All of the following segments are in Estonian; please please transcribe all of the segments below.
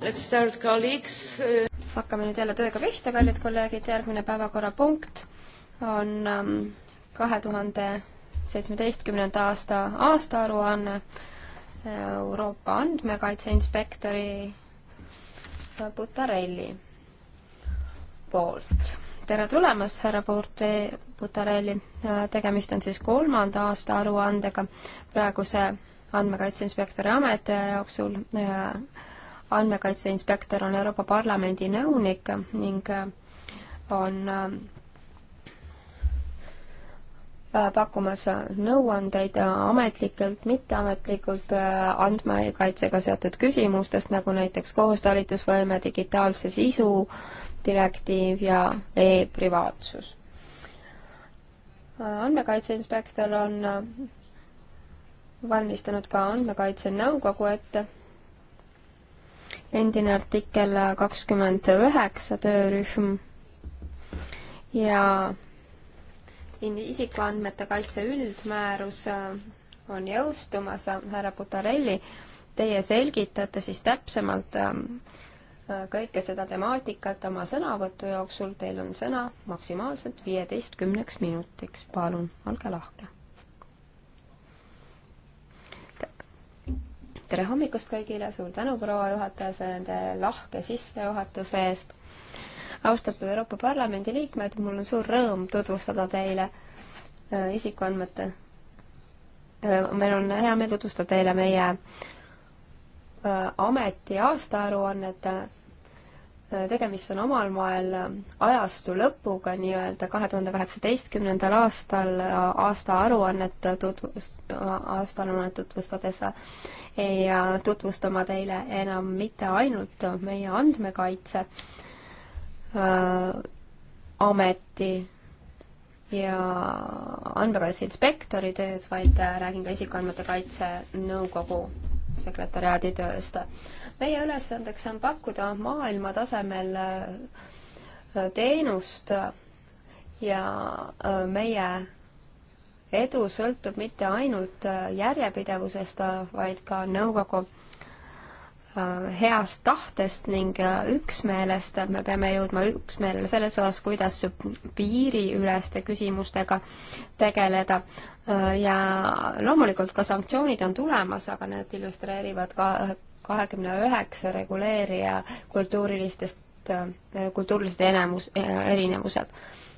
Let's start, colleagues. hakkame nüüd jälle tööga pihta, kallid kolleegid, järgmine päevakorrapunkt on ähm, kahe tuhande seitsmeteistkümnenda aasta aastaaruanne Euroopa andmekaitse inspektori Butarelli poolt. tere tulemast, härra Porte Butarelli, äh, tegemist on siis kolmanda aasta aruandega praeguse andmekaitse inspektori ametiaja jooksul äh, andmekaitse inspektor on Euroopa Parlamendi nõunik ning on äh, pakkumas nõuandeid ametlikelt, mitteametlikult äh, andmekaitsega seotud küsimustest, nagu näiteks koostalitusvõime, digitaalse sisu direktiiv ja e-privaatsus. Äh, andmekaitse inspektor on valmistanud ka andmekaitse nõukogu ette endine artikkel kakskümmend üheksa töörühm ja isikuandmete kaitse üldmäärus äh, on jõustumas, äh, härra Butarelli, teie selgitate siis täpsemalt äh, kõike seda temaatikat oma sõnavõtu jooksul, teil on sõna maksimaalselt viieteistkümneks minutiks, palun, olge lahke tere hommikust kõigile, suur tänu, proua juhataja, selle lahke sissejuhatuse eest. austatud Euroopa Parlamendi liikmed, mul on suur rõõm tutvustada teile äh, isikuandmete, äh, meil on hea meel tutvustada teile meie äh, ameti aastaaruannet tegemist on omal moel ajastu lõpuga nii-öelda kahe tuhande kaheksateistkümnendal aastal aastaaruannet tutvust-, aastaaruannet tutvustades ei tutvusta ma teile enam mitte ainult meie andmekaitse äh, ameti ja andmekaitse inspektori tööd, vaid räägin ka isikuandmete kaitse nõukogu sekretäriaadi tööst meie ülesandeks on pakkuda maailma tasemel äh, teenust ja äh, meie edu sõltub mitte ainult äh, järjepidevusest, vaid ka nõukogu heast tahtest ning üksmeelest, me peame jõudma üksmeelele selles osas, kuidas piiriüleste küsimustega tegeleda. ja loomulikult ka sanktsioonid on tulemas, aga need illustreerivad ka kahekümne üheksa reguleerija kultuurilistest, kultuurilised enamus, erinevused.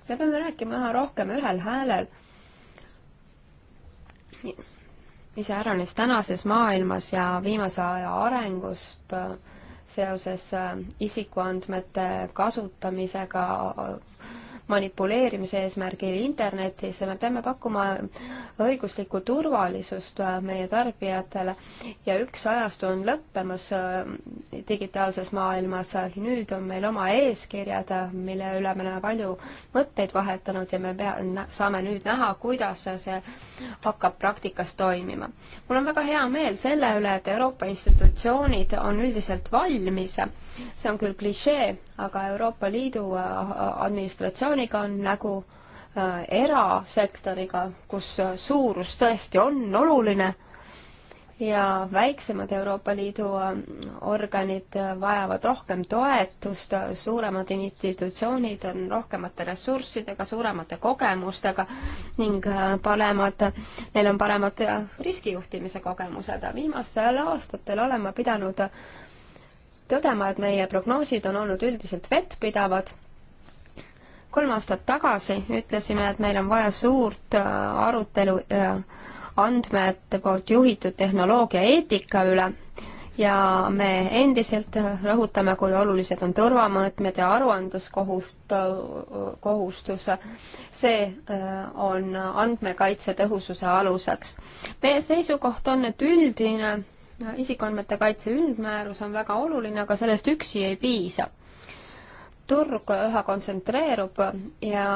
me peame rääkima üha rohkem ühel häälel, iseäranis tänases maailmas ja viimase aja arengust äh, seoses äh, isikuandmete kasutamisega manipuleerimise eesmärgil internetis ja me peame pakkuma õiguslikku turvalisust äh, meie tarbijatele ja üks ajastu on lõppemas äh, digitaalses maailmas, nüüd on meil oma eeskirjad, äh, mille üle me oleme palju mõtteid vahetanud ja me pea, saame nüüd näha, kuidas see hakkab praktikas toimima. mul on väga hea meel selle üle, et Euroopa institutsioonid on üldiselt valmis, see on küll klišee, aga Euroopa Liidu administratsiooni Taaniga on nagu äh, erasektoriga, kus äh, suurus tõesti on oluline ja väiksemad Euroopa Liidu äh, organid äh, vajavad rohkem toetust, suuremad institutsioonid on rohkemate ressurssidega, suuremate kogemustega ning paremad, neil on paremad riskijuhtimise kogemused. viimastel aastatel olen ma pidanud tõdema, et meie prognoosid on olnud üldiselt vettpidavad kolm aastat tagasi ütlesime, et meil on vaja suurt äh, arutelu äh, andmete poolt juhitud tehnoloogia eetika üle ja me endiselt äh, rõhutame, kui olulised on turvamõõtmed ja aruandluskohust, kohustus. see on andmekaitse tõhususe aluseks. meie seisukoht on, et üldine isikuandmete kaitse üldmäärus on väga oluline, aga sellest üksi ei piisa turg üha kontsentreerub ja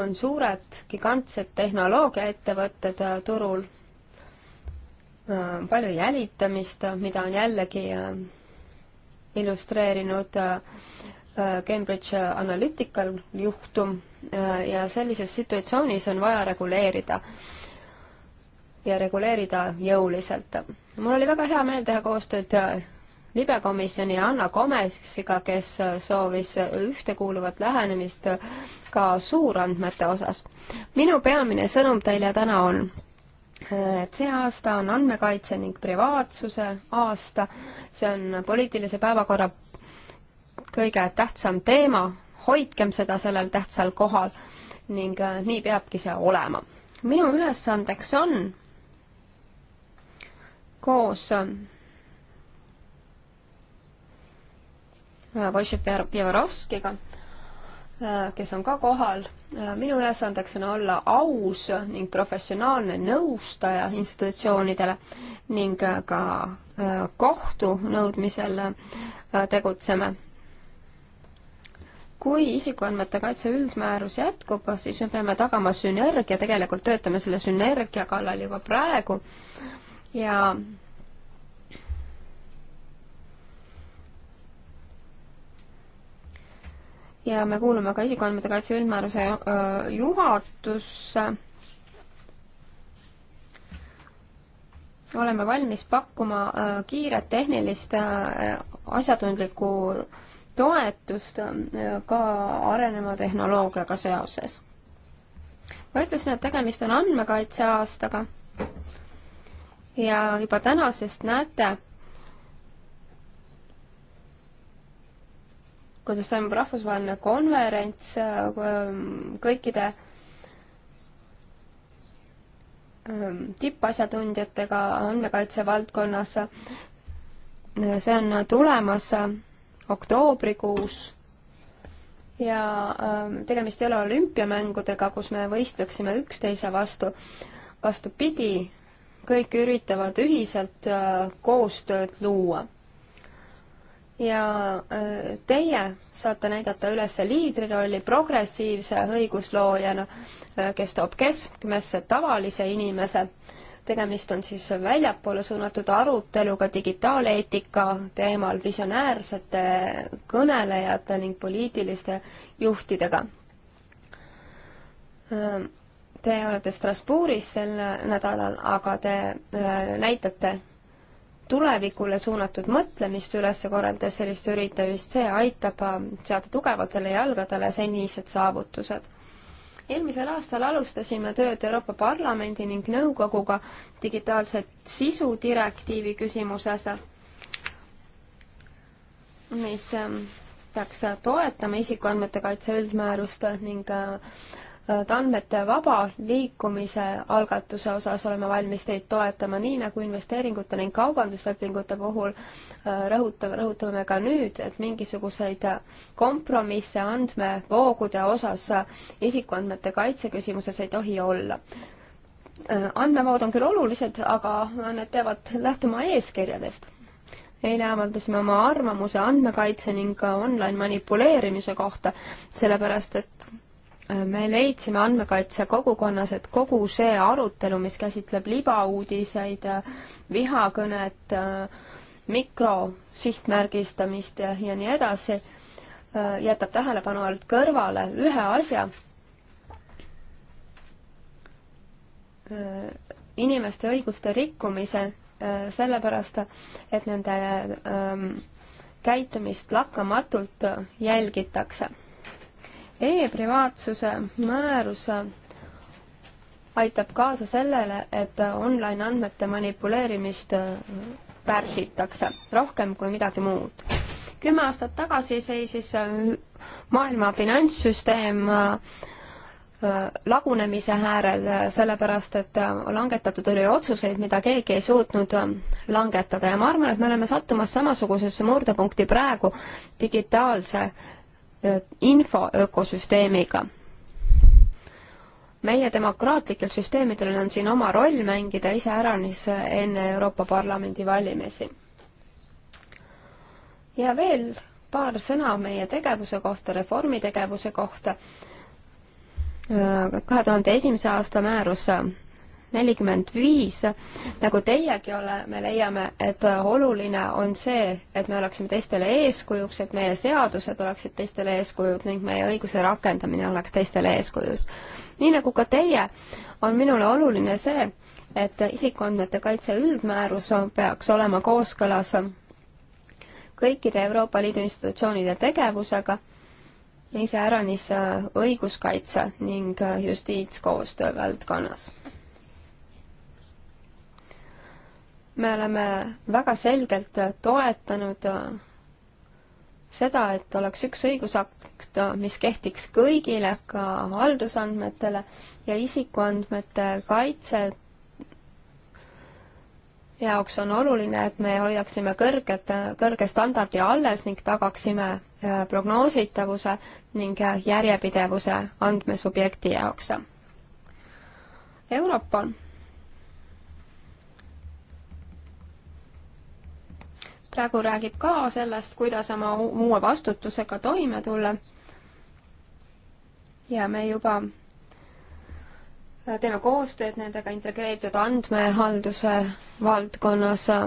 on suured gigantsed tehnoloogiaettevõtted turul, palju jälitamist, mida on jällegi äh, illustreerinud äh, Cambridge Analytical juhtum äh, ja sellises situatsioonis on vaja reguleerida ja reguleerida jõuliselt. mul oli väga hea meel teha koostööd libekomisjoni Anna Komesiga, kes soovis ühtekuuluvat lähenemist ka suurandmete osas. minu peamine sõnum teile täna on, et see aasta on andmekaitse ning privaatsuse aasta, see on poliitilise päevakorra kõige tähtsam teema, hoidkem seda sellel tähtsal kohal ning äh, nii peabki see olema. minu ülesandeks on koos äh, Wojciech Pjevorovskiga, kes on ka kohal. minu ülesandeks on olla aus ning professionaalne nõustaja institutsioonidele ning ka äh, kohtu nõudmisel äh, tegutseme. kui isikuandmete kaitse üldmäärus jätkub, siis me peame tagama sünergia, tegelikult töötame selle sünergia kallal juba praegu ja ja me kuulume ka isikuandmete kaitse üldmääruse juhatusse. oleme valmis pakkuma kiiret tehnilist asjatundlikku toetust ka areneva tehnoloogiaga seoses. ma ütlesin, et tegemist on andmekaitse aastaga ja juba tänasest näete, kuidas toimub rahvusvaheline konverents ähm, kõikide ähm, tippasjatundjatega andmekaitse valdkonnas. see on tulemas oktoobrikuus ja ähm, tegemist ei ole olümpiamängudega, kus me võistleksime üksteise vastu. vastupidi, kõik üritavad ühiselt äh, koostööd luua ja äh, teie saate näidata üles liidrirolli progressiivse õigusloojana, äh, kes toob keskmesse tavalise inimese. tegemist on siis väljapoole suunatud aruteluga digitaaleetika teemal visionäärsete kõnelejate ning poliitiliste juhtidega. Äh, te olete Strasbourgis sel nädalal, aga te näitate tulevikule suunatud mõtlemist üles korraldades sellist üritamist, see aitab ähm, seada tugevatele jalgadele senised saavutused. eelmisel aastal alustasime tööd Euroopa Parlamendi ning Nõukoguga digitaalse sisu direktiivi küsimuses, mis ähm, peaks toetama isikuandmete kaitse üldmäärust ning äh, andmete vaba liikumise algatuse osas oleme valmis teid toetama, nii nagu investeeringute ning kaubanduslepingute puhul äh, rõhutab, rõhutame ka nüüd, et mingisuguseid kompromisse andmevoogude osas isikuandmete kaitse küsimuses ei tohi olla. Äh, andmevood on küll olulised, aga need peavad lähtuma eeskirjadest eile avaldasime oma arvamuse andmekaitse ning online manipuleerimise kohta, sellepärast et me leidsime andmekaitse kogukonnas, et kogu see arutelu, mis käsitleb libauudiseid, vihakõnet, mikrosihtmärgistamist ja, ja nii edasi, jätab tähelepanu alt kõrvale ühe asja. inimeste õiguste rikkumise sellepärast, et nende ähm, käitumist lakkamatult jälgitakse e-privaatsuse määrus aitab kaasa sellele, et online andmete manipuleerimist äh, pärsitakse rohkem kui midagi muud. kümme aastat tagasi seisis äh, maailma finantssüsteem äh, lagunemise äärel, sellepärast et langetatud oli otsuseid, mida keegi ei suutnud langetada ja ma arvan, et me oleme sattumas samasugusesse murdepunkti praegu digitaalse infoökosüsteemiga. meie demokraatlikel süsteemidel on siin oma roll mängida iseäranis enne Euroopa Parlamendi valimisi. ja veel paar sõna meie tegevuse kohta, reformitegevuse kohta. kahe tuhande esimese aasta määrus nelikümmend viis, nagu teiegi ole, me leiame, et oluline on see, et me oleksime teistele eeskujuks, et meie seadused oleksid teistele eeskujud ning meie õiguse rakendamine oleks teistele eeskujus. nii nagu ka teie, on minule oluline see, et isikuandmete kaitse üldmäärus peaks olema kooskõlas kõikide Euroopa Liidu institutsioonide tegevusega iseäranis õiguskaitse ning justiitskoostöö valdkonnas. me oleme väga selgelt toetanud seda, et oleks üks õigusakt, mis kehtiks kõigile, ka haldusandmetele ja isikuandmete kaitse jaoks on oluline, et me hoiaksime kõrget, kõrge standardi alles ning tagaksime äh, prognoositavuse ning äh, järjepidevuse andmesubjekti jaoks. Europol praegu räägib ka sellest, kuidas oma uue vastutusega toime tulla. ja me juba äh, teeme koostööd nendega integreeritud andmehalduse valdkonnas äh,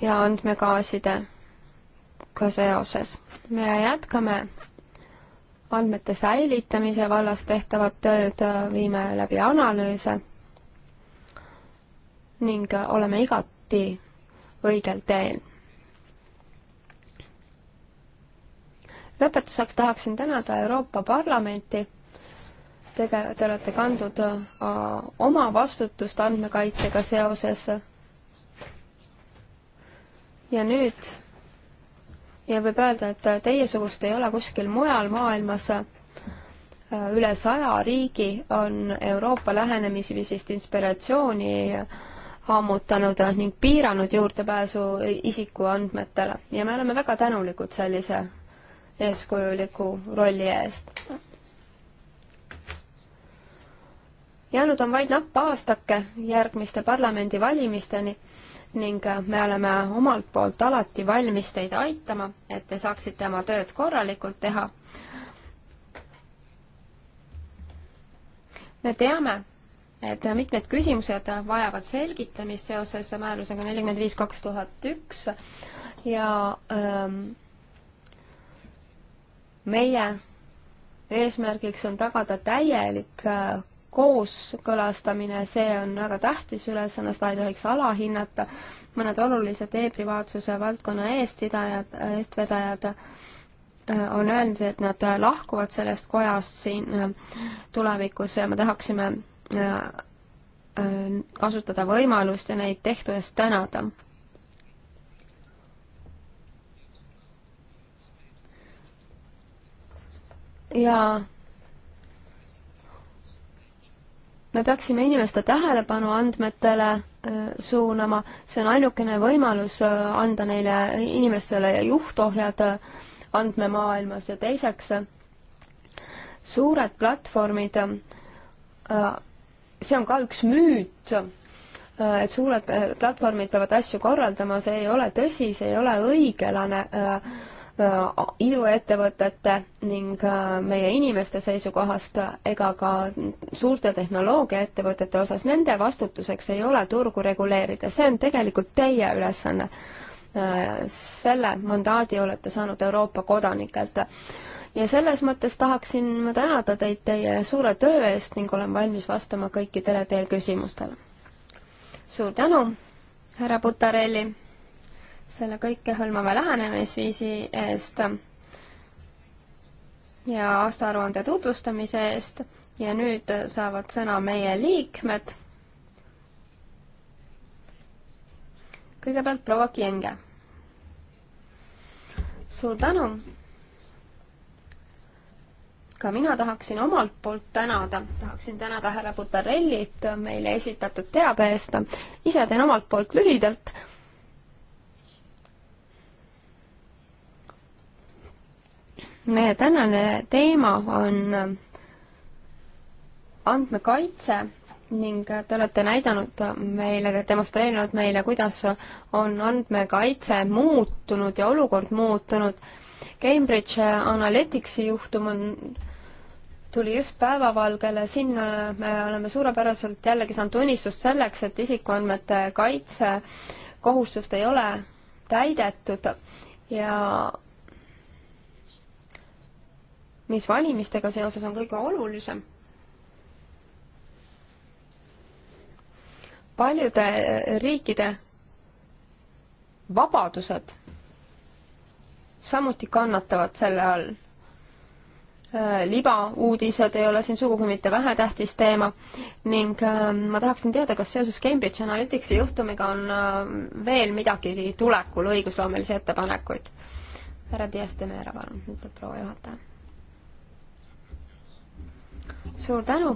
ja andmegaasidega seoses. me jätkame andmete säilitamise vallas tehtavat tööd, äh, viime läbi analüüse ning oleme igati õigel teel. lõpetuseks tahaksin tänada Euroopa Parlamenti. Tege-, te olete kandnud äh, oma vastutust andmekaitsega seoses. ja nüüd ja võib öelda, et teiesugust ei ole kuskil mujal maailmas. Äh, üle saja riigi on Euroopa lähenemisviisist inspiratsiooni ammutanud ning piiranud juurdepääsu isikuandmetele ja me oleme väga tänulikud sellise eeskujuliku rolli eest. jäänud on vaid napp aastake järgmiste parlamendivalimisteni ning me oleme omalt poolt alati valmis teid aitama, et te saaksite oma tööd korralikult teha. me teame, et mitmed küsimused vajavad selgitamist seoses määrusega nelikümmend viis kaks tuhat üks ja ähm, meie eesmärgiks on tagada täielik äh, kooskõlastamine, see on väga tähtis ülesanne, seda ei tohiks alahinnata. mõned olulised e-privaatsuse valdkonna eestidajad, eestvedajad äh, on öelnud, et nad lahkuvad sellest kojast siin äh, tulevikus ja me tahaksime Äh, äh, kasutada võimalust ja neid tehtu eest tänada. ja me peaksime inimeste tähelepanu andmetele äh, suunama, see on ainukene võimalus anda neile inimestele juhtohjad andmemaailmas ja teiseks, suured platvormid see on ka üks müüt, äh, et suured äh, platvormid peavad asju korraldama, see ei ole tõsi, see ei ole õigelane äh, iduettevõtete ning meie inimeste seisukohast ega ka suurte tehnoloogiaettevõtete osas, nende vastutuseks ei ole turgu reguleerida, see on tegelikult teie ülesanne. selle mandaadi olete saanud Euroopa kodanikelt ja selles mõttes tahaksin ma tänada teid teie suure töö eest ning olen valmis vastama kõikidele teie küsimustele. suur tänu, härra Butarelli, selle kõikehõlmava lähenemisviisi eest ja aastaaruande tutvustamise eest ja nüüd saavad sõna meie liikmed. kõigepealt proua Kienge. suur tänu ka mina tahaksin omalt poolt tänada, tahaksin tänada härra Butarellit meile esitatud teabe eest. ise teen omalt poolt lühidalt. meie tänane teema on andmekaitse ning te olete näidanud meile, demonstreerinud meile, kuidas on andmekaitse muutunud ja olukord muutunud Cambridge Analyticsi juhtum on, tuli just päevavalgele, sinna äh, me oleme suurepäraselt jällegi saanud tunnistust selleks, et isikuandmete kaitse kohustust ei ole täidetud ja mis valimistega seoses on kõige olulisem paljude riikide vabadused samuti kannatavad selle all. Äh, libauudised ei ole siin sugugi mitte vähetähtis teema ning äh, ma tahaksin teada, kas seoses Cambridge Analyticsi juhtumiga on äh, veel midagi tulekul õigusloomelisi ettepanekuid? härra Dias de Meera, palun, ütleb proua juhataja. suur tänu,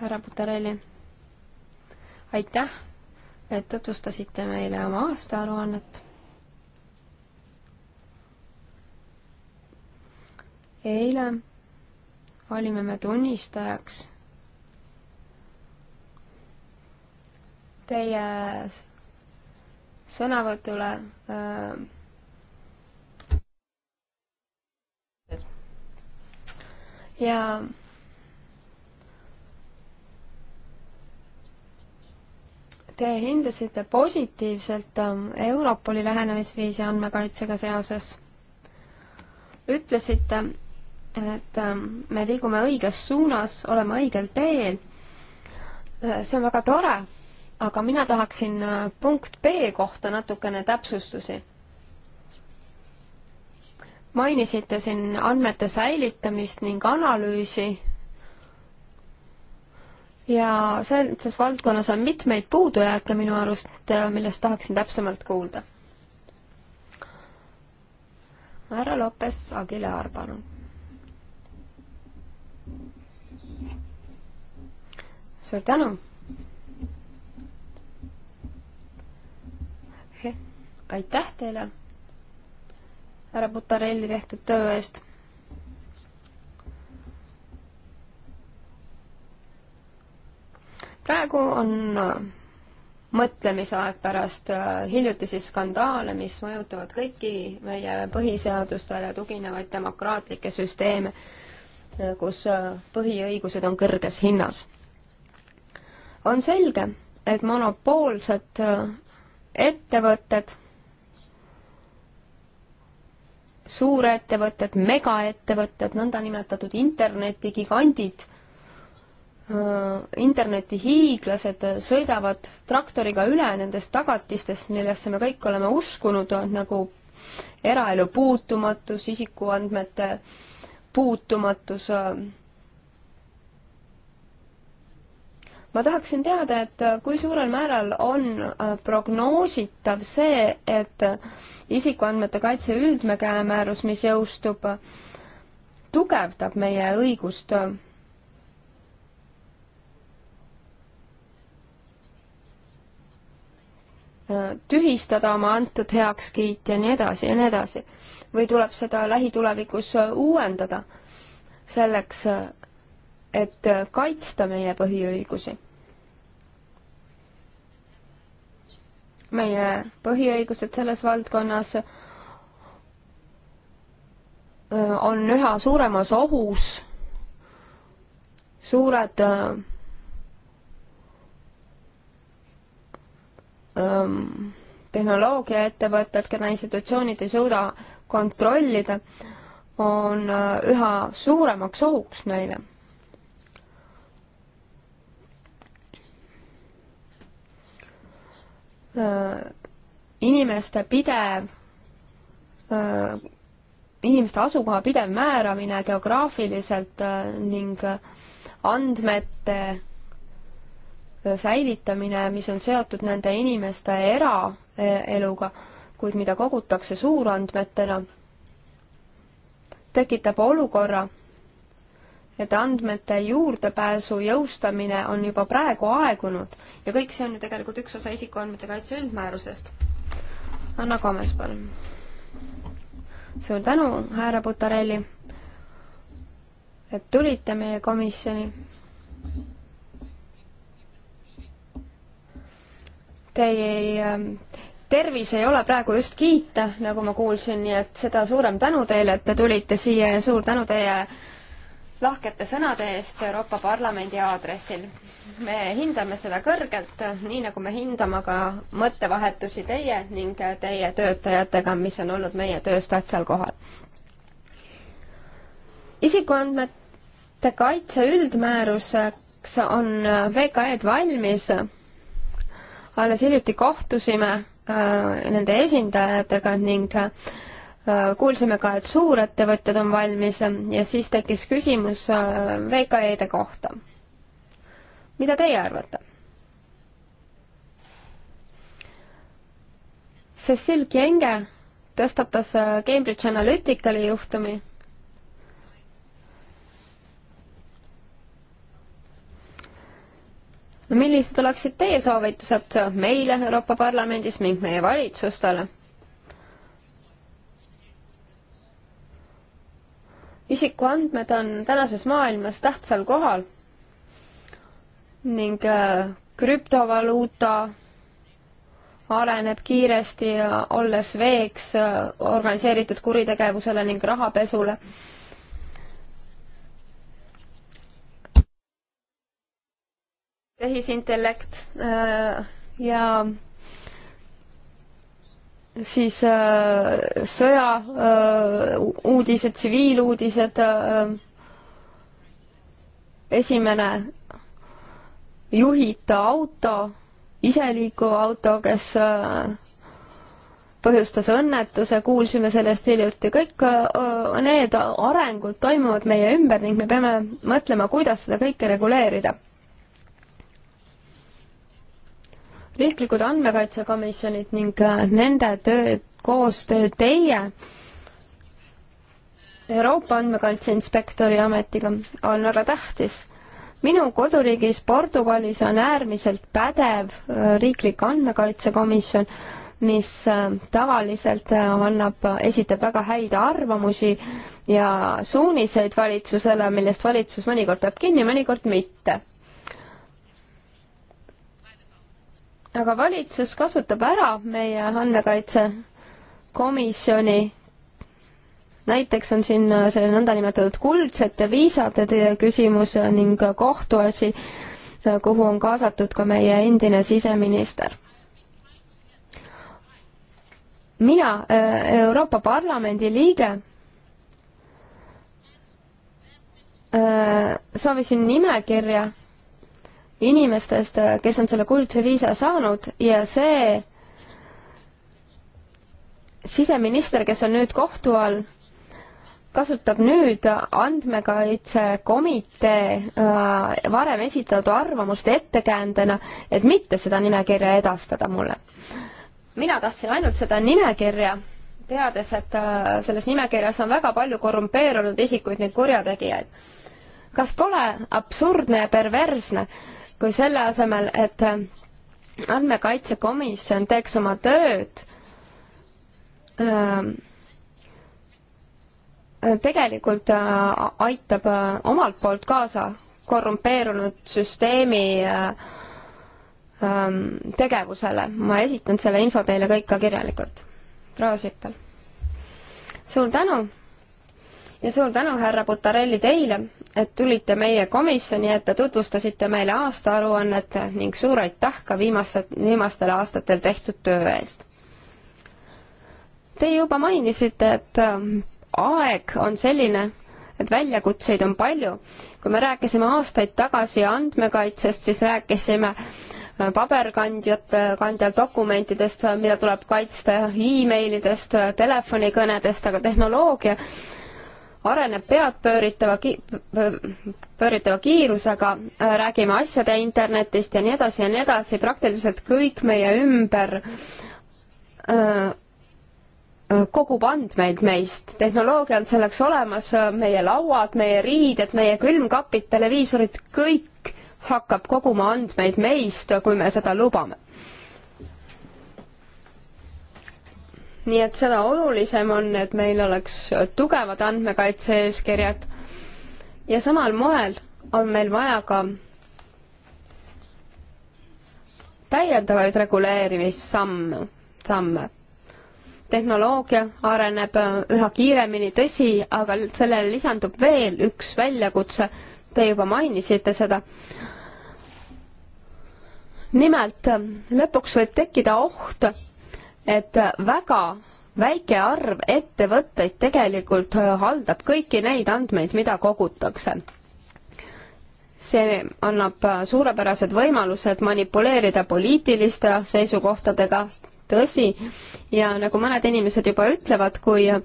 härra Butarelli. aitäh, et tutvustasite meile oma aastaaruannet eile olime me tunnistajaks teie sõnavõtule äh, ja Te hindasite positiivselt äh, Europoli lähenemisviisi andmekaitsega seoses. ütlesite, et ähm, me liigume õiges suunas, oleme õigel teel. Äh, see on väga tore, aga mina tahaksin äh, punkt B kohta natukene täpsustusi. mainisite siin andmete säilitamist ning analüüsi ja selles valdkonnas on mitmeid puudujääke minu arust, äh, millest tahaksin täpsemalt kuulda. härra Lopes Aguilar, palun. suur tänu! aitäh teile, härra Butarelli tehtud töö eest. praegu on äh, mõtlemise aeg pärast äh, hiljutisi skandaale, mis mõjutavad kõiki meie põhiseadustele tuginevaid demokraatlikke süsteeme, äh, kus põhiõigused on kõrges hinnas on selge, et monopoolsed äh, ettevõtted, suurettevõtted, megaettevõtted, nõndanimetatud internetigigandid, äh, internetihiiglased äh, sõidavad traktoriga üle nendest tagatistest, millesse me kõik oleme uskunud, nagu eraelu puutumatus, isikuandmete puutumatus, ma tahaksin teada, et äh, kui suurel määral on äh, prognoositav see, et äh, isikuandmete kaitse üldmäärus, mis jõustub, tugevdab meie õigust tühistada oma antud heakskiit ja nii edasi ja nii edasi. või tuleb seda lähitulevikus uuendada selleks, et kaitsta meie põhiõigusi. meie põhiõigused selles valdkonnas äh, on üha suuremas ohus, suured äh, ähm, tehnoloogiaettevõtted, keda institutsioonid ei suuda kontrollida, on äh, üha suuremaks ohuks neile Äh, inimeste pidev, äh, inimeste asukoha pidev määramine geograafiliselt äh, ning andmete säilitamine, mis on seotud nende inimeste eraeluga, kuid mida kogutakse suurandmetena, tekitab olukorra, et andmete juurdepääsu jõustamine on juba praegu aegunud ja kõik see on ju tegelikult üks osa isikuandmete kaitse üldmäärusest. Anna Kames, palun. suur tänu, härra Butarelli, et tulite meie komisjoni. Teie ähm, tervis ei ole praegu just kiita, nagu ma kuulsin, nii et seda suurem tänu teile, et te tulite siia ja suur tänu teie lahkete sõnade eest Euroopa Parlamendi aadressil. me hindame seda kõrgelt, nii nagu me hindame ka mõttevahetusi teie ning teie töötajatega, mis on olnud meie töös tähtsal kohal. isikuandmete kaitse üldmääruseks on VKE-d valmis. alles hiljuti kohtusime äh, nende esindajatega ning äh, Äh, kuulsime ka, et suurettevõtted on valmis ja siis tekkis küsimus äh, VKE-de kohta. mida teie arvate? Cecil Kienge tõstatas äh, Cambridge Analyticali juhtumi. millised oleksid teie soovitused meile Euroopa Parlamendis ning meie valitsustele? isikuandmed on tänases maailmas tähtsal kohal ning äh, krüptovaluuta areneb kiiresti, olles veeks äh, organiseeritud kuritegevusele ning rahapesule tehisintellekt äh, ja siis äh, sõja äh, uudised, tsiviiluudised äh,, esimene juhita auto, iseliikuv auto, kes äh, põhjustas õnnetuse, kuulsime sellest hiljuti, kõik äh, need arengud toimuvad meie ümber ning me peame mõtlema, kuidas seda kõike reguleerida riiklikud andmekaitsekomisjonid ning äh, nende töö, koostöö teie Euroopa andmekaitse inspektori ametiga on väga tähtis. minu koduriigis Portugalis on äärmiselt pädev äh, riiklik andmekaitsekomisjon, mis äh, tavaliselt annab, esitab väga häid arvamusi ja suuniseid valitsusele, millest valitsus mõnikord peab kinni, mõnikord mitte aga valitsus kasutab ära meie andmekaitsekomisjoni näiteks on siin äh, see nõndanimetatud kuldsete viisade küsimus äh, ning äh, kohtuasi, kuhu on kaasatud ka meie endine siseminister. mina, Euroopa Parlamendi liige, soovisin nimekirja inimestest, äh, kes on selle kuldse viisa saanud ja see siseminister, kes on nüüd kohtu all, kasutab nüüd andmekaitsekomitee äh, varem esitatud arvamust ettekäändena, et mitte seda nimekirja edastada mulle. mina tahtsin ainult seda nimekirja, teades, et äh, selles nimekirjas on väga palju korrumpeerunud isikuid, neid kurjategijaid. kas pole absurdne ja perversne, kui selle asemel, et andmekaitsekomisjon teeks oma tööd ähm, tegelikult äh, aitab äh, omalt poolt kaasa korrumpeerunud süsteemi äh, ähm, tegevusele. ma esitan selle info teile kõik ka kirjalikult. proua Sippel. suur tänu ja suur tänu, härra Butarelli, teile, et tulite meie komisjoni ette, tutvustasite meile aastaaruannet ning suur aitäh ka viimaste, viimastel aastatel tehtud töö eest. Te juba mainisite, et ähm, aeg on selline, et väljakutseid on palju. kui me rääkisime aastaid tagasi andmekaitsest, siis rääkisime äh, paberkandjate, kandjal dokumentidest, mida tuleb kaitsta e, emailidest, äh, telefonikõnedest, aga tehnoloogia areneb peadpööritava ki-, pööritava kiirusega, äh, räägime asjade internetist ja nii edasi ja nii edasi, praktiliselt kõik meie ümber öö, äh, äh, kogub andmeid meist, tehnoloogia on selleks olemas, meie lauad, meie riided, meie külmkapid, televiisorid, kõik hakkab koguma andmeid meist, kui me seda lubame nii et seda olulisem on, et meil oleks tugevad andmekaitse eeskirjad ja samal moel on meil vaja ka täiendavaid reguleerimissamme, samme. tehnoloogia areneb üha kiiremini, tõsi, aga sellele lisandub veel üks väljakutse, te juba mainisite seda. nimelt lõpuks võib tekkida oht, et väga väike arv ettevõtteid tegelikult äh, haldab kõiki neid andmeid, mida kogutakse. see annab äh, suurepärased võimalused manipuleerida poliitiliste seisukohtadega, tõsi, ja nagu mõned inimesed juba ütlevad, kui äh,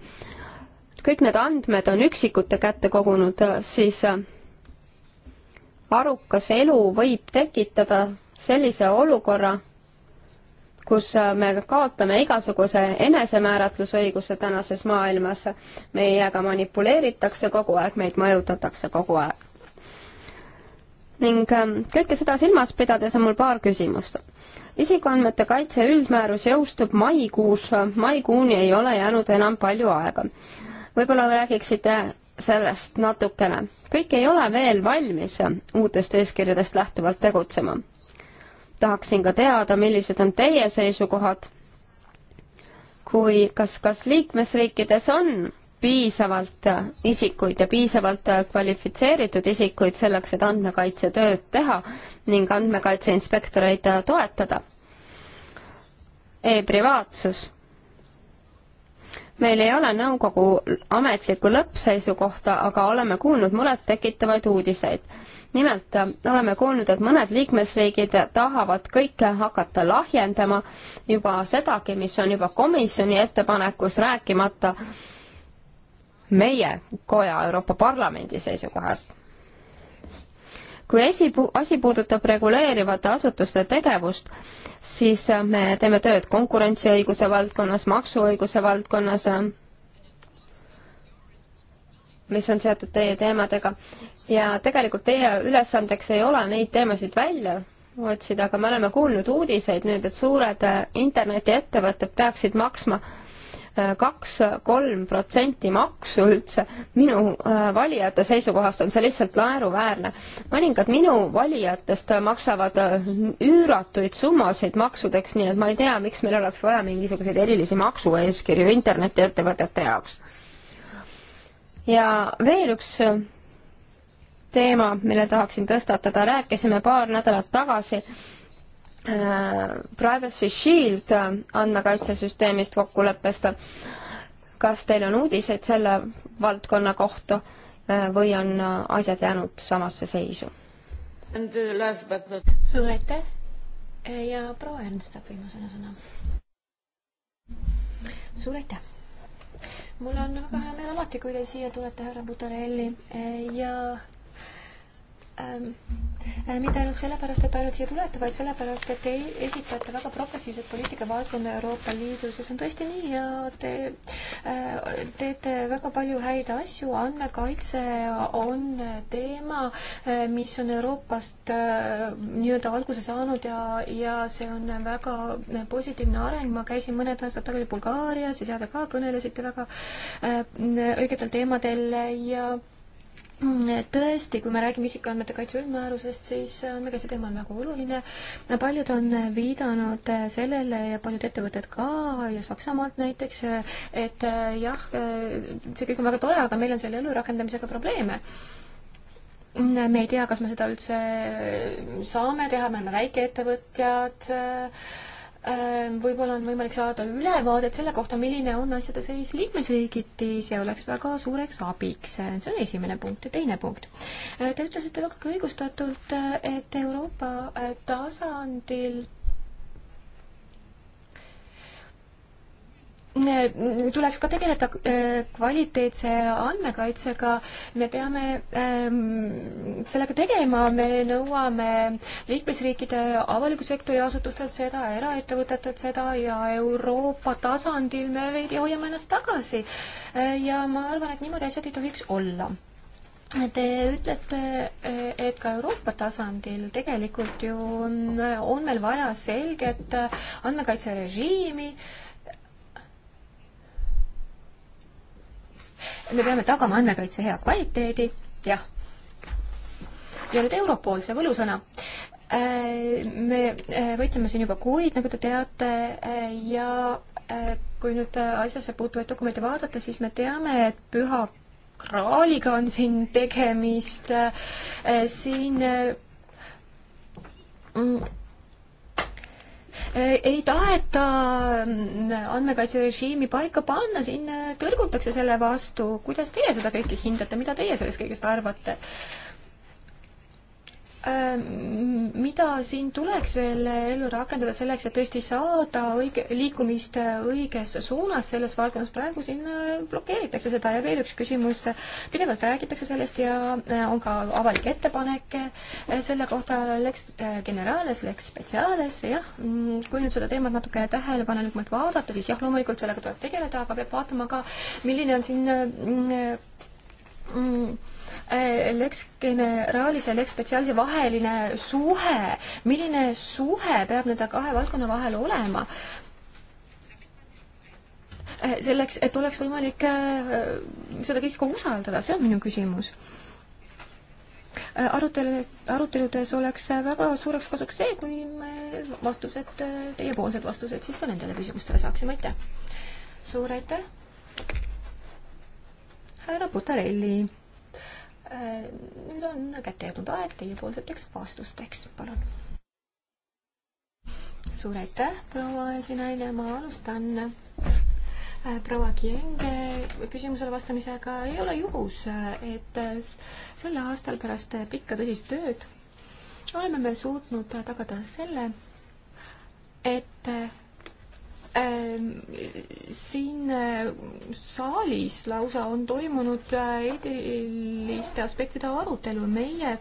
kõik need andmed on üksikute kätte kogunud, siis arukas elu võib tekitada sellise olukorra, kus äh, me kaotame igasuguse enesemääratlusõiguse tänases maailmas. meiega manipuleeritakse kogu aeg, meid mõjutatakse kogu aeg. ning ähm, kõike seda silmas pidades on mul paar küsimust. isikuandmete kaitse üldmäärus jõustub maikuus, maikuuni ei ole jäänud enam palju aega. võib-olla räägiksite sellest natukene. kõik ei ole veel valmis uutest eeskirjadest lähtuvalt tegutsema tahaksin ka teada, millised on teie seisukohad, kui kas, kas liikmesriikides on piisavalt isikuid ja piisavalt kvalifitseeritud isikuid selleks, et andmekaitsetööd teha ning andmekaitseinspektoreid toetada e. e-privaatsus meil ei ole nõukogu ametlikku lõppseisukohta, aga oleme kuulnud murettekitavaid uudiseid. nimelt äh, oleme kuulnud, et mõned liikmesriigid tahavad kõike hakata lahjendama, juba sedagi, mis on juba komisjoni ettepanekus, rääkimata meie koja Euroopa Parlamendi seisukohast kui esi, asi puudutab reguleerivate asutuste tegevust, siis äh, me teeme tööd konkurentsiõiguse valdkonnas, maksuõiguse valdkonnas, äh, mis on seotud teie teemadega. ja tegelikult teie ülesandeks ei ole neid teemasid välja otsida, aga me oleme kuulnud uudiseid nüüd, et suured äh, internetiettevõtted peaksid maksma kaks-kolm protsenti maksu üldse. minu äh, valijate seisukohast on see lihtsalt naeruväärne. mõningad minu valijatest maksavad äh, üüratuid summasid maksudeks, nii et ma ei tea, miks meil oleks vaja mingisuguseid erilisi maksueeskirju internetiettevõtete jaoks. ja veel üks äh, teema, mille tahaksin tõstatada, rääkisime paar nädalat tagasi Privacy Shield andmekaitsesüsteemist kokkuleppest. kas teil on uudiseid selle valdkonna kohta äh, või on asjad jäänud samasse seisu? Uh, suur aitäh ja proua Ernst saab viimasena sõna. suur aitäh! mul on väga hea meel alati, kui te siia tulete, härra Butarelli ja ähm, äh, mitte ainult sellepärast, et ainult siia tulete, vaid sellepärast, et te esitate väga progressiivset poliitikavaldkonna Euroopa Liidus ja see on tõesti nii ja te äh, teete väga palju häid asju, andmekaitse on teema, äh, mis on Euroopast äh, nii-öelda alguse saanud ja, ja see on väga positiivne areng, ma käisin mõned aastad tagasi Bulgaarias ja seal te ka kõnelesite väga äh, õigetel teemadel ja äh, Mm, tõesti, kui me räägime isikuandmete kaitse üldmäärusest, siis äh, andmekaitse teema on väga oluline. paljud on äh, viidanud äh, sellele ja paljud ettevõtted ka ja Saksamaalt näiteks, et jah, see kõik on väga tore, aga meil on selle elurakendamisega probleeme mm, me ei tea, kas me seda üldse saame teha, me oleme väikeettevõtjad äh,, Ehm, võib-olla on võimalik saada ülevaadet selle kohta, milline on asjade seis liikmesriigiti, see oleks väga suureks abiks. see on esimene punkt ja teine punkt. Te ütlesite vägagi õigustatult, et Euroopa eh, tasandil tuleks ka tegeleda äh, kvaliteetse andmekaitsega, me peame ähm, sellega tegema, me nõuame liikmesriikide avaliku sektori asutustelt seda, eraettevõtetelt seda ja Euroopa tasandil me veidi hoiame ennast tagasi. Äh, ja ma arvan, et niimoodi asjad ei tohiks olla Te ütlete, äh, et ka Euroopa tasandil tegelikult ju on, on meil vaja selget andmekaitserežiimi äh, me peame tagama andmekaitse hea kvaliteedi, jah. ja nüüd Europol, see võlusõna. Äh, me äh, võitleme siin juba kuid, nagu te teate, äh, ja kui nüüd asjasse puutuvaid dokumente vaadata, siis me teame, et püha kraaliga on siin tegemist, siin mm, ei taheta mm, andmekaitserežiimi paika panna, siin tõrgutakse äh, selle vastu. kuidas teie seda kõike hindate, mida teie sellest kõigest arvate? Ähm, mida siin tuleks veel ellu rakendada selleks, et tõesti saada õige, liikumist äh, õiges suunas selles valdkonnas, praegu siin äh, blokeeritakse seda ja veel üks küsimus, pidevalt räägitakse sellest ja äh, on ka avalikke ettepaneke selle kohta, Lex Generales, Lex Speciales, jah, mm, kui nüüd seda teemat natuke tähelepanelikumalt vaadata, siis jah, loomulikult sellega tuleb tegeleda, aga peab vaatama ka, milline on siin mm, mm Lex Generalis ja Lex Specialise vaheline suhe, milline suhe peab nende kahe valdkonna vahel olema? selleks, et oleks võimalik äh, seda kõike ka usaldada, see on minu küsimus. arutelu, aruteludes oleks väga suureks kasuks see, kui me vastused, teiepoolsed vastused siis ka nendele küsimustele saaksime, aitäh! suur aitäh! härra Putarelli Äh, nüüd on kätte jõudnud aeg teiepoolseteks vastusteks, palun. suur aitäh, proua esinaine, ma alustan äh, proua Kienge küsimusele vastamisega. ei ole juhus, äh, et sel aastal pärast pikka tõsist tööd oleme me suutnud tagada selle, et Ähm, siin äh, saalis lausa on toimunud äh, eetiliste aspektide arutelu. meie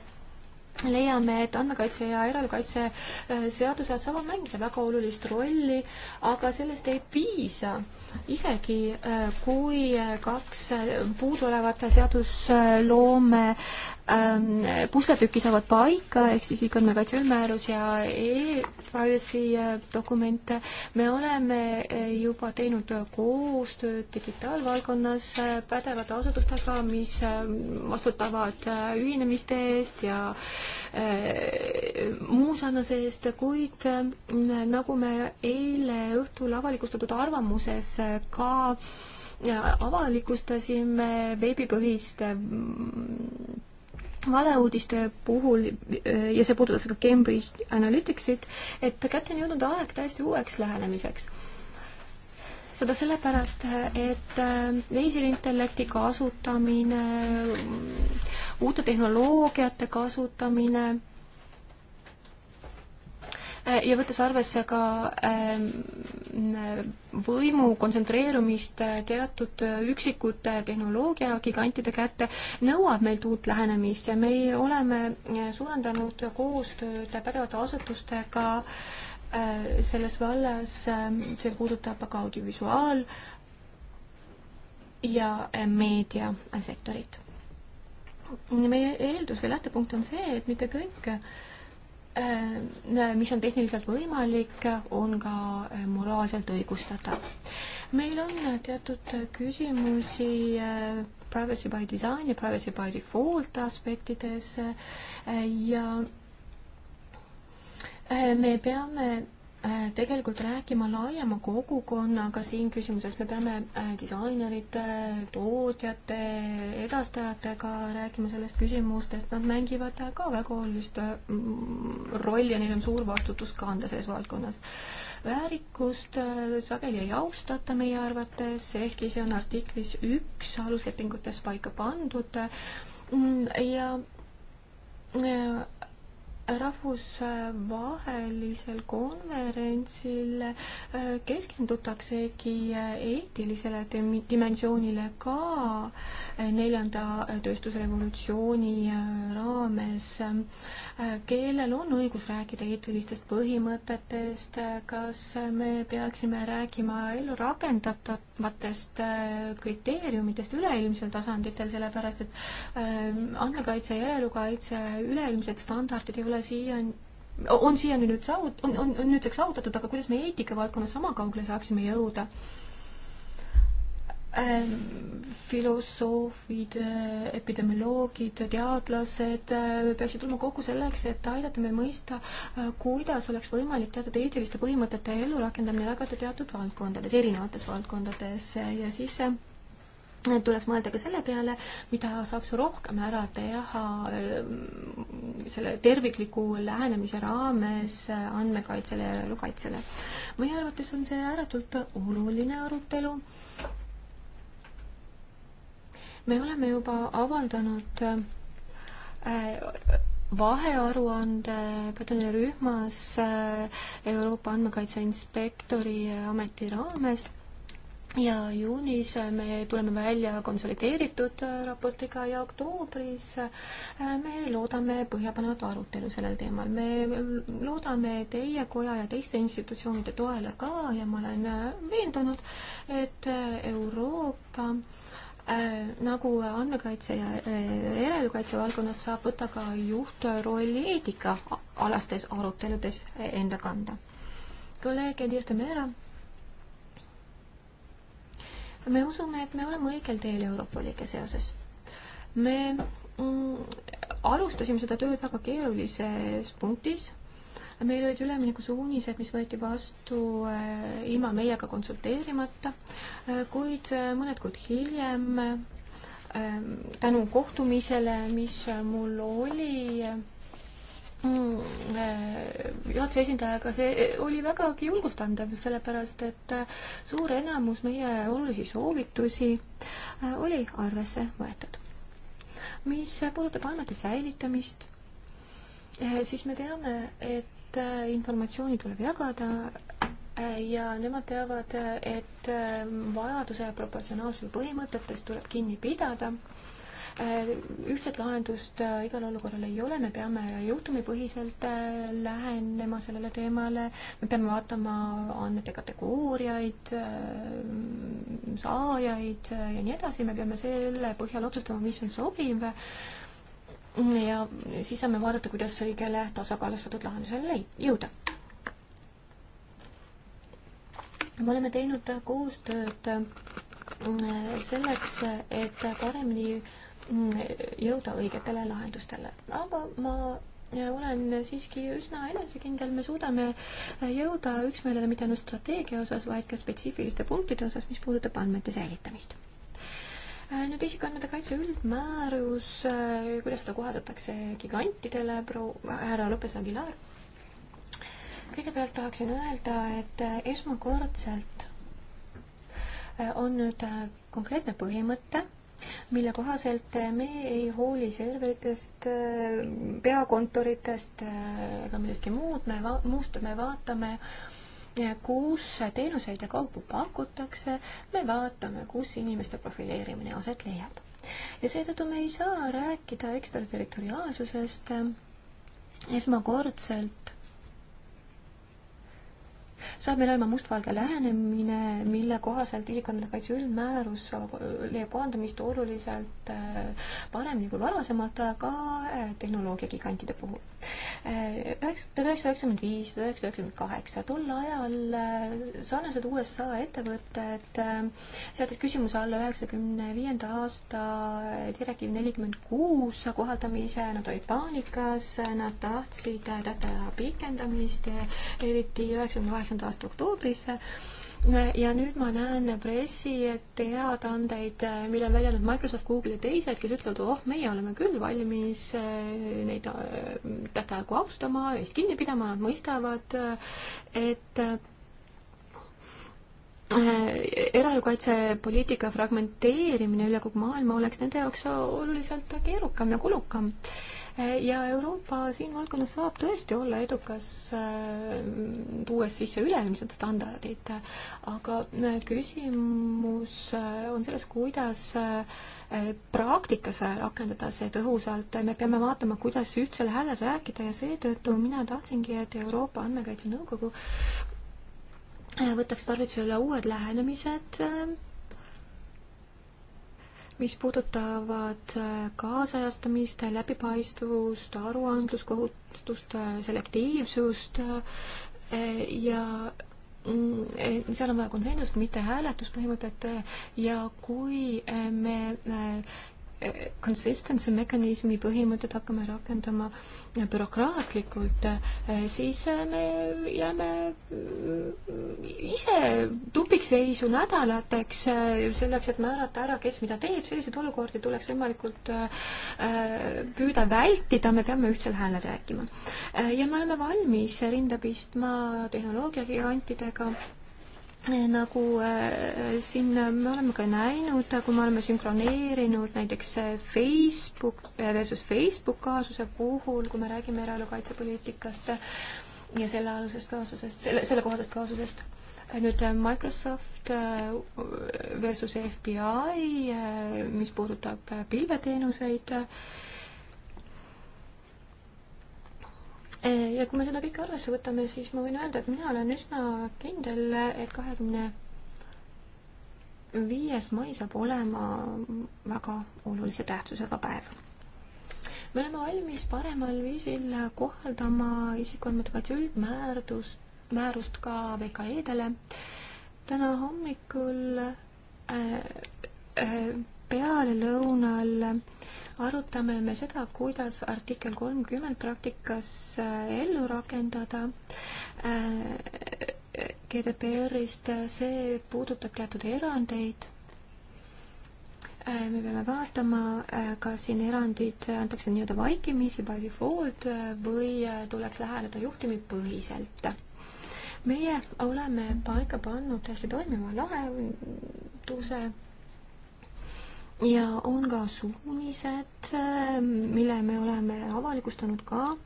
leiame, et andmekaitse ja eraelukaitse äh, seadused saavad mängida väga olulist rolli, aga sellest ei piisa. isegi kui kaks puuduolevat seadusloome Ähm, pusletükki saavad paika, ehk siis ikondmekaitse üldmäärus ja e-privacy äh, dokument. me oleme äh, juba teinud äh, koostööd digitaalvaldkonnas pädevate asutustega, mis vastutavad ühinemiste eest ja muu sarnase eest, kuid nagu me eile õhtul avalikustatud arvamuses ka avalikustasime veebipõhist valeuudiste puhul äh, ja see puudutas ka Cambridge Analyticsit, et kätte on jõudnud aeg täiesti uueks lähenemiseks seda sellepärast, et tehisintellekti äh, kasutamine, uute tehnoloogiate kasutamine Äh, ja võttes arvesse ka ähm, võimu kontsentreerumist äh, teatud äh, üksikute tehnoloogiagigantide kätte, nõuab meilt uut lähenemist ja me oleme suurendanud koostööd pädevate asutustega selles vallas, ähm, see puudutab aga audiovisuaal- ja meediasektorit. meie eeldus või lähtepunkt on see, et mitte kõik Äh, äh, mis on tehniliselt võimalik, on ka äh, moraalselt õigustatav. meil on teatud küsimusi privacy by design ja privacy by default aspektides ja me peame Äh, tegelikult rääkima laiema kogukonnaga siin küsimuses, me peame äh, disainerite, tootjate, edastajatega rääkima sellest küsimustest, nad mängivad äh, ka väga olulist mm, rolli ja neil on suur vastutus kanda selles valdkonnas. väärikust sageli ei austata meie arvates, ehkki see on artiklis üks aluslepingutes paika pandud mm, ja rahvusvahelisel konverentsil äh, keskendutaksegi äh, eetilisele dimensioonile ka äh, neljanda tööstusrevolutsiooni raames. kellel on õigus rääkida eetilistest põhimõtetest, kas me peaksime rääkima ellurakendatavatest kriteeriumidest üleilmsel tasanditel, sellepärast et andmekaitse ja järelkaitse üleilmsed standardid ei ole ole siiani on siiani nüüd saavut-, on, on, on nüüdseks saavutatud, aga kuidas me eetikavaldkonnas sama kaugele saaksime jõuda? Ähm, filosoofid, äh, epidemioloogid, teadlased äh, peaksid tulema kokku selleks, et aidata meil mõista, äh, kuidas oleks võimalik teatud eetiliste põhimõtete ellurakendamine tagada teatud valdkondades, erinevates valdkondades ja siis tuleks mõelda ka selle peale, mida saaks rohkem ära teha ehm, selle tervikliku lähenemise raames eh, andmekaitsele ja elukaitsele. meie arvates on see ääretult oluline arutelu. me oleme juba avaldanud eh, vahearuande pataljonirühmas eh, Euroopa andmekaitse inspektori ameti raames ja juunis me tuleme välja konsolideeritud äh, raportiga ja oktoobris äh, me loodame põhjapanevat arutelu sellel teemal. me äh, loodame teie koja ja teiste institutsioonide toele ka ja ma olen veendunud, et Euroopa äh, nagu andmekaitse ja järelkaitse äh, valdkonnas saab võtta ka juhtrolli eetikaalastes aruteludes enda kanda. kolleeg Edith Mera me usume, et me oleme õigel teel Europoliga seoses. me mm, alustasime seda tööd väga keerulises punktis. meil olid üleminekusuunised, mis võeti vastu äh, ilma meiega konsulteerimata, äh, kuid äh, mõned kuud hiljem tänu kohtumisele, mis mul oli Mm, äh, juhatuse esindajaga, see oli vägagi julgustandev, sellepärast et äh, suur enamus meie olulisi soovitusi äh, oli arvesse võetud. mis puudutab andmete säilitamist, siis me teame, et informatsiooni tuleb jagada ja nemad teavad, et vajaduse ja proportsionaalsuse põhimõtetest tuleb kinni pidada Äh, ühtset lahendust äh, igal olukorral ei ole, me peame juhtumipõhiselt äh, lähenema sellele teemale, me peame vaatama andmete kategooriaid, saajaid ja nii edasi, me peame selle põhjal otsustama, mis on sobiv ja siis saame vaadata, kuidas õigele tasakaalustatud lahendusele jõuda. me oleme teinud koostööd selleks, et paremini Mm, jõuda õigetele lahendustele, aga ma ja olen siiski üsna enesekindel, me suudame jõuda üksmeelele mitte ainult strateegia osas, vaid ka spetsiifiliste punktide osas, mis puudutab andmete säilitamist. Äh, nüüd isikuandmete kaitse üldmäärus, äh, kuidas seda kohaldatakse gigantidele, proua härra Lopes Aguilar. kõigepealt tahaksin öelda, et äh, esmakordselt on nüüd konkreetne põhimõte mille kohaselt me ei hooli serveritest, peakontoritest ega millestki muud, me va-, muust me vaatame, kus teenuseid ja kaupu pakutakse, me vaatame, kus inimeste profileerimine aset leiab. ja seetõttu me ei saa rääkida ekstraterritoriaalsusest esmakordselt saab meil olema mustvalge lähenemine, mille kohaselt isikuandmete kaitse üldmäärus leiab kohandamist oluliselt äh, paremini kui varasemalt, ka äh, tehnoloogiagigantide puhul. Äh, üheksakümmend üheksa, üheksakümmend viis, üheksakümmend üheksakümmend kaheksa, tol ajal sarnased USA ettevõtted seadis küsimuse alla üheksakümne viienda aasta direktiiv nelikümmend kuus kohaldamise, nad olid paanikas, nad tahtsid tähtaja pikendamist, eriti üheksakümne kaheksanda kaheteistkümnenda aasta oktoobris ja nüüd ma näen pressiteadaandeid, mille on väljendanud Microsoft, Google ja teised, kes ütlevad, oh, meie oleme küll valmis eh, neid eh, tähtaegu austama, neist kinni pidama, nad mõistavad, et eh, eraelukaitsepoliitika fragmenteerimine üle kogu maailma oleks nende jaoks oluliselt keerukam ja kulukam ja Euroopa siin valdkonnas saab tõesti olla edukas, äh, tuues sisse üleilmsed standardid, aga äh, küsimus äh, on selles, kuidas praktikas rakendada see tõhusalt, me peame vaatama, kuidas ühtsel häälel rääkida ja seetõttu mina tahtsingi, et Euroopa Andmekaitse Nõukogu võtaks tarvitusele uued lähenemised mis puudutavad äh, kaasajastamist, läbipaistvust, aruandluskohustust, äh, selektiivsust äh, ja mm, seal on vaja konsensust, mitte hääletuspõhimõtet ja kui me consistency mekanismi põhimõtet hakkame rakendama bürokraatlikult, eh, siis eh, me jääme eh, ise tupikseisu nädalateks selleks, et määrata ära, kes mida teeb, selliseid olukordi tuleks võimalikult püüda vältida, me peame ühtsel häälel rääkima. ja me oleme valmis rinda pistma tehnoloogiagigantidega nagu äh, siin me oleme ka näinud, kui me oleme sünkroneerinud näiteks äh, Facebook äh, versus Facebook kaasuse puhul, kui me räägime eraelu kaitsepoliitikast ja selle alusest kaasusest, selle, sellekohasest kaasusest. nüüd Microsoft versus FBI, mis puudutab pilveteenuseid Eh, ja kui me seda kõike arvesse võtame, siis ma võin öelda, et mina olen üsna kindel, et kahekümne viies mai saab olema väga olulise tähtsusega päev me oleme valmis paremal viisil kohaldama isikuandmete kaitse üldmäärdust, määrust ka VKE-dele. täna hommikul äh, äh, pealelõunal äh, arutame me seda, kuidas artikkel kolmkümmend praktikas äh, ellu rakendada äh, GDPR-ist, äh, see puudutab teatud erandeid me peame vaatama, kas siin erandid antakse nii-öelda vaikimisi by default või tuleks läheneda juhtumipõhiselt. meie oleme paika pannud täiesti toimiva lahenduse ja on ka suunised, mille me oleme avalikustanud ka.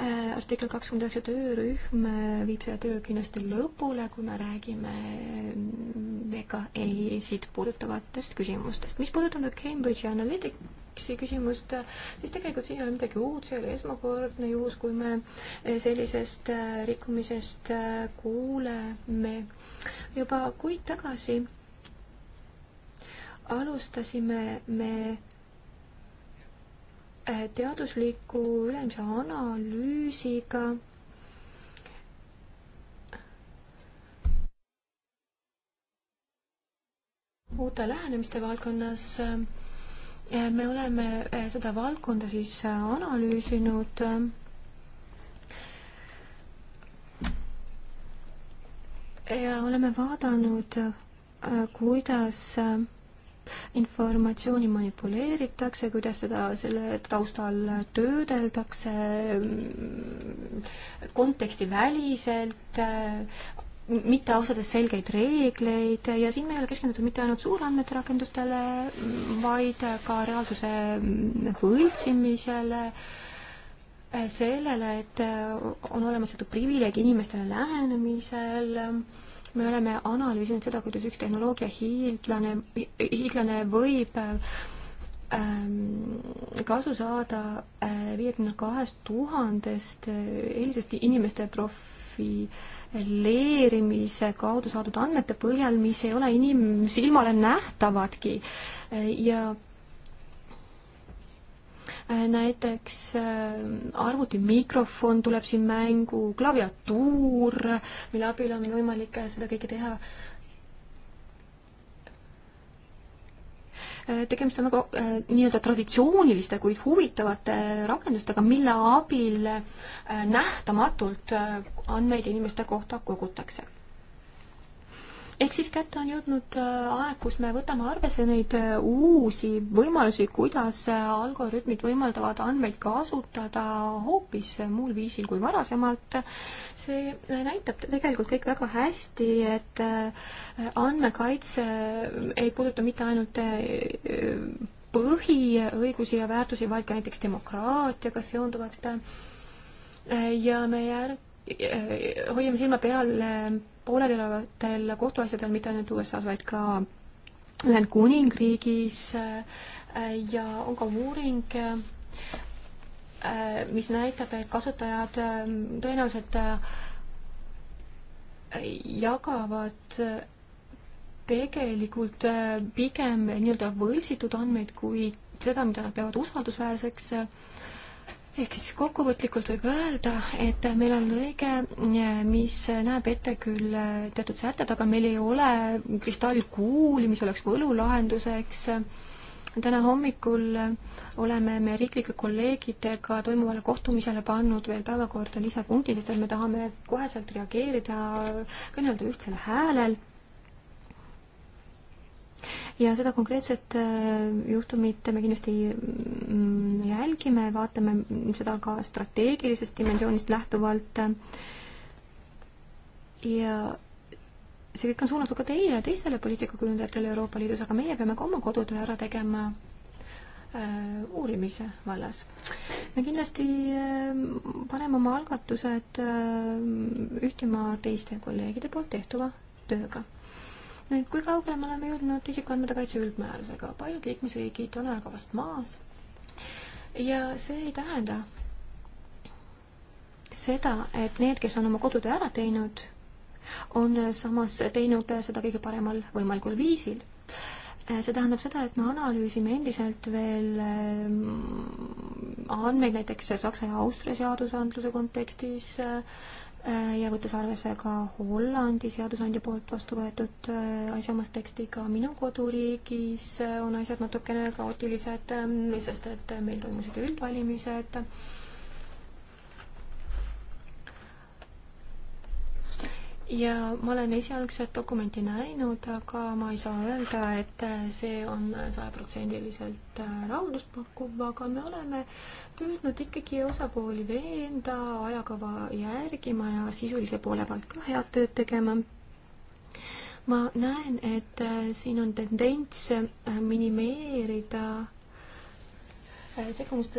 Äh, artikkel kakskümmend üheksa töörühm äh, viib selle töö kindlasti lõpule, kui me räägime äh, VKI-sid puudutavatest küsimustest. mis puudutab nüüd Cambridge Analyticsi küsimust, siis tegelikult siin ei ole midagi uut, see oli esmakordne juhus, kui me sellisest rikkumisest kuuleme juba kuid tagasi alustasime me äh, teadusliku ülemise analüüsiga uute lähenemiste valdkonnas. Äh, me oleme äh, seda valdkonda siis analüüsinud. ja oleme vaadanud, kuidas informatsiooni manipuleeritakse, kuidas seda selle taustal töödeldakse mm, kontekstiväliselt, mm, mitte austades selgeid reegleid ja siin me ei ole keskendunud mitte ainult suurandmete rakendustele, mm, vaid ka reaalsuse võltsimisele, sellele, et on olemas teatud privileeg inimestele lähenemisel me oleme analüüsinud seda, kuidas üks tehnoloogia hiidlane, hiidlane võib ähm, kasu saada äh, viiekümne kahest tuhandest äh, eelisest inimeste profileerimise kaudu saadud andmete põhjal, mis ei ole inimsilmale nähtavadki äh, ja Äh, näiteks äh, arvutimikrofon tuleb siin mängu, klaviatuur, mille abil on võimalik äh, seda kõike teha tegemist on väga äh, nii-öelda traditsiooniliste, kuid huvitavate rakendustega, mille abil äh, nähtamatult äh, andmeid inimeste kohta kogutakse ehk siis kätte on jõudnud äh, aeg, kus me võtame arvesse neid äh, uusi võimalusi, kuidas äh, algoritmid võimaldavad andmeid kasutada hoopis muul viisil kui varasemalt. see näitab tegelikult kõik väga hästi, et andmekaitse ei puuduta mitte ainult põhiõigusi ja väärtusi, vaid ka näiteks demokraatiaga seonduvat ja me järg-, hoiame silma peal pooleli olevatel kohtuasjadel mitte ainult USA-s, vaid ka Ühendkuningriigis äh, ja on ka uuring, äh, mis näitab, et kasutajad äh, tõenäoliselt jagavad tegelikult pigem nii-öelda võltsitud andmeid kui seda, mida nad peavad usaldusväärseks ehk siis kokkuvõtlikult võib öelda, et meil on lõige, mis näeb ette küll teatud sätted, aga meil ei ole kristallkuuli, mis oleks võlulahenduseks. täna hommikul oleme me riiklike kolleegidega toimuvale kohtumisele pannud veel päevakorda lisapunktid, sest et me tahame koheselt reageerida, kõnelda ühtsel häälel ja seda konkreetset äh, juhtumit me kindlasti mm, jälgime, vaatame seda ka strateegilisest dimensioonist lähtuvalt. ja see kõik on suunatud ka teile, teistele poliitikakujundajatele Euroopa Liidus, aga meie peame ka oma kodutöö ära tegema äh, uurimise vallas. me kindlasti äh, paneme oma algatused ühtima teiste kolleegide poolt tehtuva tööga kui kaugele me oleme jõudnud isikuandmete kaitse üldmäärusega, paljud liikmesriigid on ajakavast maas ja see ei tähenda seda, et need, kes on oma kodutöö ära teinud, on samas teinud seda kõige paremal võimalikul viisil. see tähendab seda, et me analüüsime endiselt veel mm, andmeid näiteks Saksa ja Austria seadusandluse kontekstis, Äh, ja võttes arvesse ka Hollandi seadusandja poolt vastu võetud äh, asjaomast teksti, ka minu koduriigis äh, on asjad natukene kaootilised, sest et meil toimusid üldvalimised ja ma olen esialgset dokumenti näinud, aga ma ei saa öelda, et see on sajaprotsendiliselt äh, rahuldust pakkuv, aga me oleme püüdnud ikkagi osapooli veenda, ajakava järgima ja sisulise poole pealt ka head tööd tegema. ma näen, et äh, siin on tendents äh, minimeerida sekkumust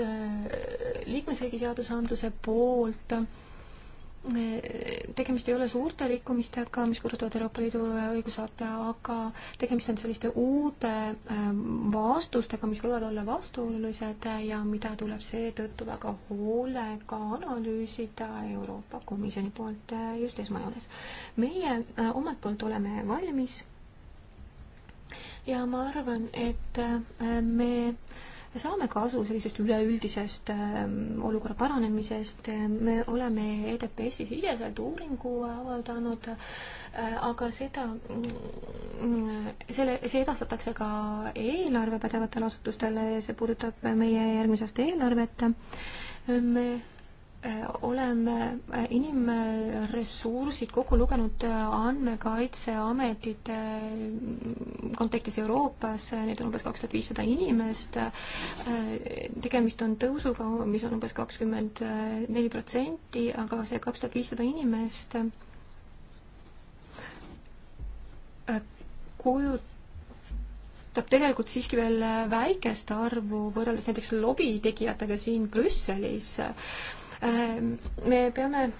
liikmesriigi seadusandluse poolt äh, tegemist ei ole suurte rikkumistega, mis puudutavad Euroopa Liidu õigusakte, aga tegemist on selliste uute ähm, vastustega, mis võivad olla vastuolulised ja mida tuleb seetõttu väga hoolega analüüsida Euroopa Komisjoni poolt äh, just esmajoones. meie äh, omalt poolt oleme valmis ja ma arvan, et äh, me saame kasu sellisest üleüldisest ähm, olukorra paranemisest, ähm, me oleme EDPS-i siseselt uuringu avaldanud, äh, aga seda, mm, äh, selle, see edastatakse ka eelarve pädevatele asutustele ja see puudutab meie järgmise aasta eelarvet. Äh, me Äh, oleme äh, inimressursid kokku lugenud äh, andmekaitseametite kontekstis Euroopas, neid on umbes kaks tuhat viissada inimest, tegemist on tõusuga, mis on umbes kakskümmend neli protsenti, aga see kaks tuhat viissada inimest kujutab tegelikult siiski veel väikest arvu võrreldes näiteks lobitegijatega siin Brüsselis Äh, me peame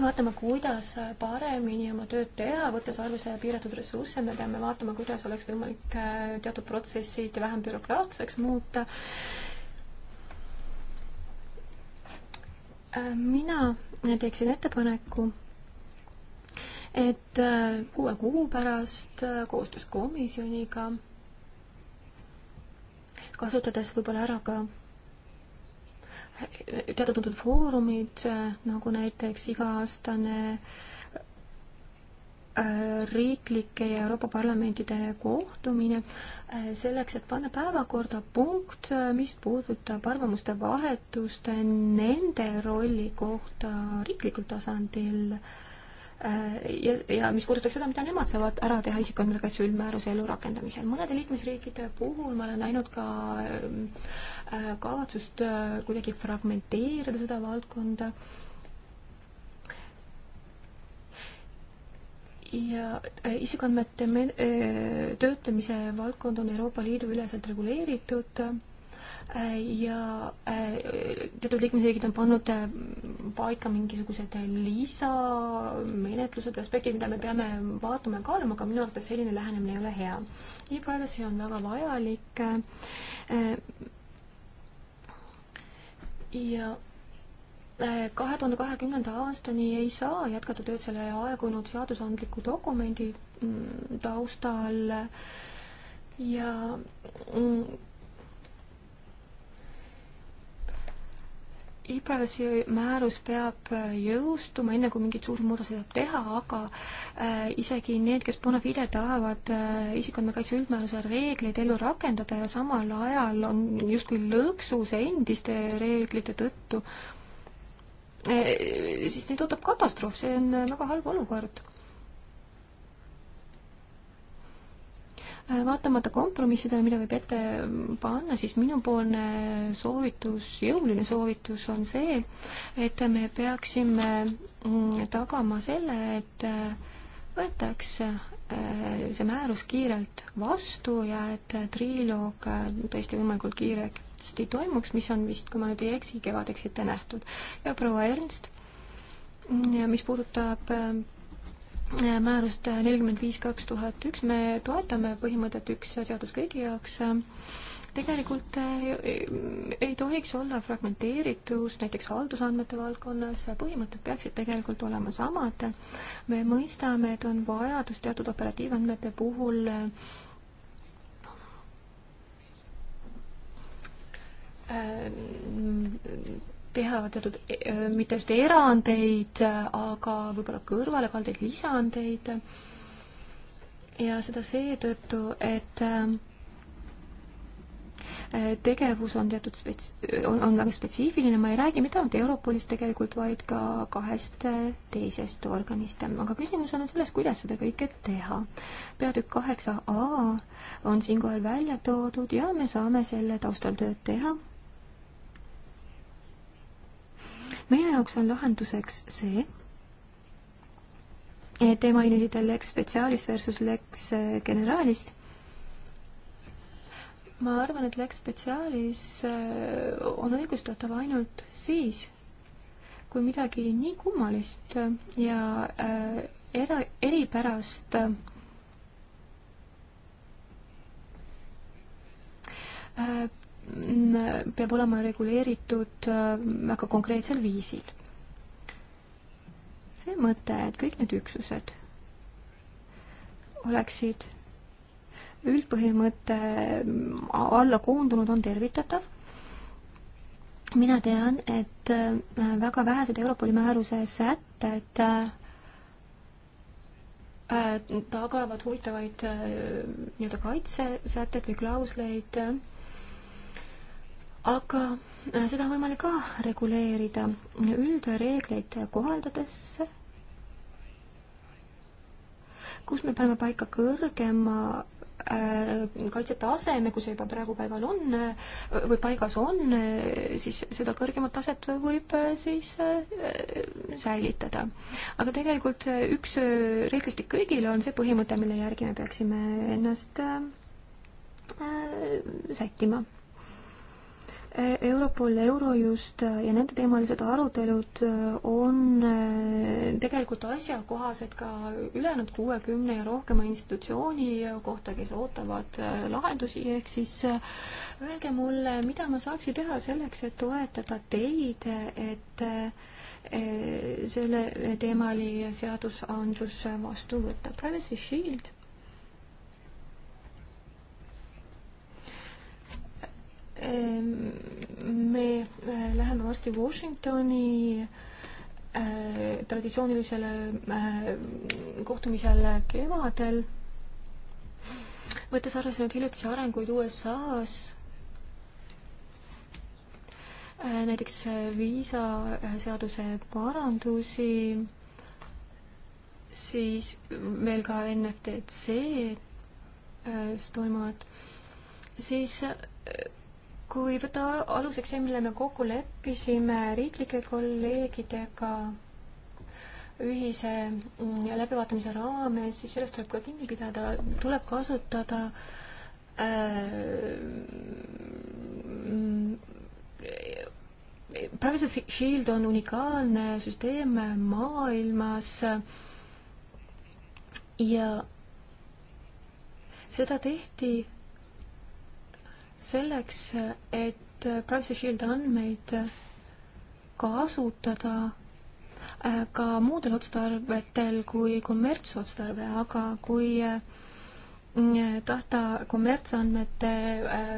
vaatama, kuidas paremini oma tööd teha, võttes arvesse piiratud ressursse, me peame vaatama, kuidas oleks võimalik äh, teatud protsessid vähem bürokraatseks muuta. Äh, mina teeksin ettepaneku, et kuue kuu pärast koostöös komisjoniga, kasutades võib-olla ära ka teada-tuntud foorumid, äh, nagu näiteks iga-aastane äh, riiklike ja Euroopa parlamentide kohtumine äh, selleks, et panna päevakorda punkt, mis puudutab arvamuste vahetust nende rolli kohta riiklikul tasandil äh, Äh, ja, ja mis puudutab seda, mida nemad saavad ära teha isikuandmete kaitse üldmääruse elu rakendamisel. mõnede liikmesriikide puhul ma olen näinud ka ähm, äh, kavatsust äh, kuidagi fragmenteerida seda valdkonda ja isikuandmete töötlemise valdkond on Euroopa Liidu üleselt reguleeritud ja äh, teatud liikmesriigid on pannud äh, paika mingisugused lisamenetlused, aspektid, mida me peame vaatama ja kaaluma, aga minu arvates selline lähenemine ei ole hea e. E-privacy on väga vajalik. Äh, ja kahe tuhande kahekümnenda aastani ei saa jätkata tööd selle aegunud seadusandliku dokumendi mm, taustal ja mm, igatahes määrus peab äh, jõustuma, enne kui mingeid suuri muudatusi saab teha, aga äh, isegi need, kes bona fide tahavad äh, isikuandmekaitse üldmääruse reegleid ellu rakendada ja samal ajal on justkui lõksus endiste reeglite tõttu äh,, siis neid ootab katastroof, see on äh, väga halb olukord Äh, vaatamata kompromissidele, mida võib ette äh, panna, siis minupoolne soovitus, jõuline soovitus on see, et me peaksime mm, tagama selle, et äh, võetakse see määrus kiirelt vastu ja et triiloog tõesti võimalikult kiiresti toimuks, mis on vist, kui ma nüüd ei eksi, kevadeks ette nähtud. ja proua Ernst, mm, mis puudutab määrust nelikümmend viis kaks tuhat üks, me toetame põhimõtet üks seadus kõigi jaoks. tegelikult eh, eh, ei tohiks olla fragmenteeritust näiteks haldusandmete valdkonnas, põhimõtted peaksid tegelikult olema samad. me mõistame, et on vajadus teatud operatiivandmete puhul eh, teha teatud eh, mitte just erandeid, aga võib-olla kõrvalekaldeid, lisandeid. ja seda seetõttu, et eh, tegevus on teatud spets-, on, on väga spetsiifiline, ma ei räägi mitte ainult Europolist tegelikult, vaid ka kahest eh, teisest organist, aga küsimus on selles, kuidas seda kõike teha. peatükk kaheksa A on siinkohal välja toodud ja me saame selle taustal tööd teha meie jaoks on lahenduseks see, te mainisite Lex Specialis versus Lex äh, Generalist. ma arvan, et Lex Specialis äh, on õigustatav ainult siis, kui midagi nii kummalist äh, ja era, eripärast Mm, peab olema reguleeritud äh, väga konkreetsel viisil. see mõte, et kõik need üksused oleksid üldpõhimõtte alla koondunud, on tervitatav. mina tean, et äh, väga vähesed Europoli määruse sätted äh, tagavad huvitavaid nii-öelda kaitsesätteid või klausleid aga äh, seda on võimalik ka reguleerida üldreegleid kohaldades, kus me paneme paika kõrgema äh, kaitsetaseme, kui see juba praegu paigal on äh, või paigas on, siis seda kõrgemat taset võib siis säilitada. aga tegelikult üks reeglistik kõigile on see põhimõte, mille järgi me peaksime ennast sättima E, Europol, Eurojust ja nende teemalised arutelud e, on e, tegelikult asjakohased ka ülejäänud kuuekümne ja rohkema institutsiooni kohta, kes ootavad lahendusi, ehk siis öelge mulle, mida ma saaksin teha selleks, et toetada teid, et selle teemali seadusandlus vastu võtta. Privacy Shield Ehm, me eh, läheme varsti Washingtoni eh, traditsioonilisele eh, kohtumisele kevadel, võttes arvesse nüüd hiljutisi arenguid USA-s, näiteks viisaseaduse parandusi, siis veel ka NFTC-s toimuvad, siis kui võtta aluseks see, mille me kokku leppisime riiklike kolleegidega ühise mm, läbivaatamise raames, siis sellest tuleb ka kinni pidada, tuleb kasutada äh, mm, Privacy Shield on unikaalne süsteem maailmas ja seda tehti selleks, et Privacy Shield andmeid kasutada äh, ka muudel otstarvetel kui kommertsotstarve, aga kui äh, tahta kommertsandmete äh,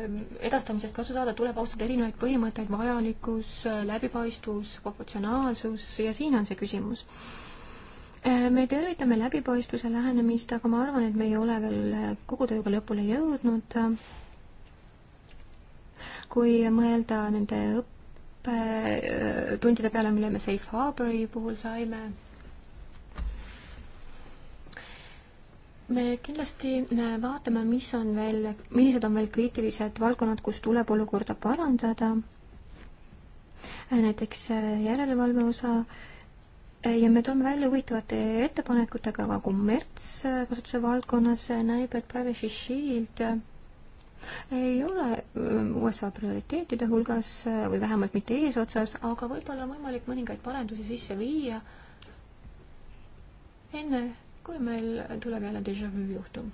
edastamisest kasu saada, tuleb austada erinevaid põhimõtteid, vajalikkus, läbipaistvus, proportsionaalsus ja siin on see küsimus. me tervitame läbipaistvuse lähenemist, aga ma arvan, et me ei ole veel kogu tööga lõpule jõudnud kui mõelda nende õppetundide äh, peale, mille me Safe Harbori puhul saime. me kindlasti vaatame, mis on veel, millised on veel kriitilised valdkonnad, kus tuleb olukorda parandada. näiteks äh, järelevalve osa äh, ja me toome välja huvitavate ettepanekutega ka kommertskasutuse valdkonnas näib, et Privacy Shield ei ole ähm, USA prioriteetide hulgas äh, või vähemalt mitte eesotsas, aga võib-olla on võimalik mõningaid parendusi sisse viia enne, kui meil tuleb jälle déjà vu juhtum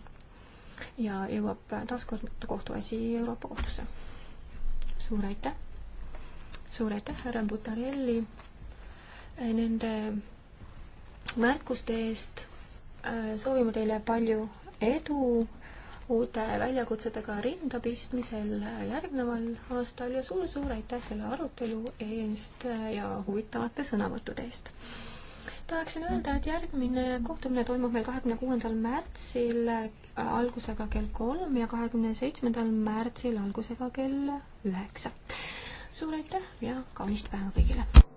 ja jõuab taaskord kohtuasi Euroopa kohtusse. suur aitäh! suur aitäh, härra Butarelli, nende märkuste eest äh, soovime teile palju edu uute väljakutsetega rinda pistmisel järgneval aastal ja suur-suur aitäh selle arutelu eest ja huvitavate sõnavõttude eest. tahaksin öelda, et järgmine kohtumine toimub meil kahekümne kuuendal märtsil algusega kell kolm ja kahekümne seitsmendal märtsil algusega kell üheksa. suur aitäh ja kaunist päeva kõigile!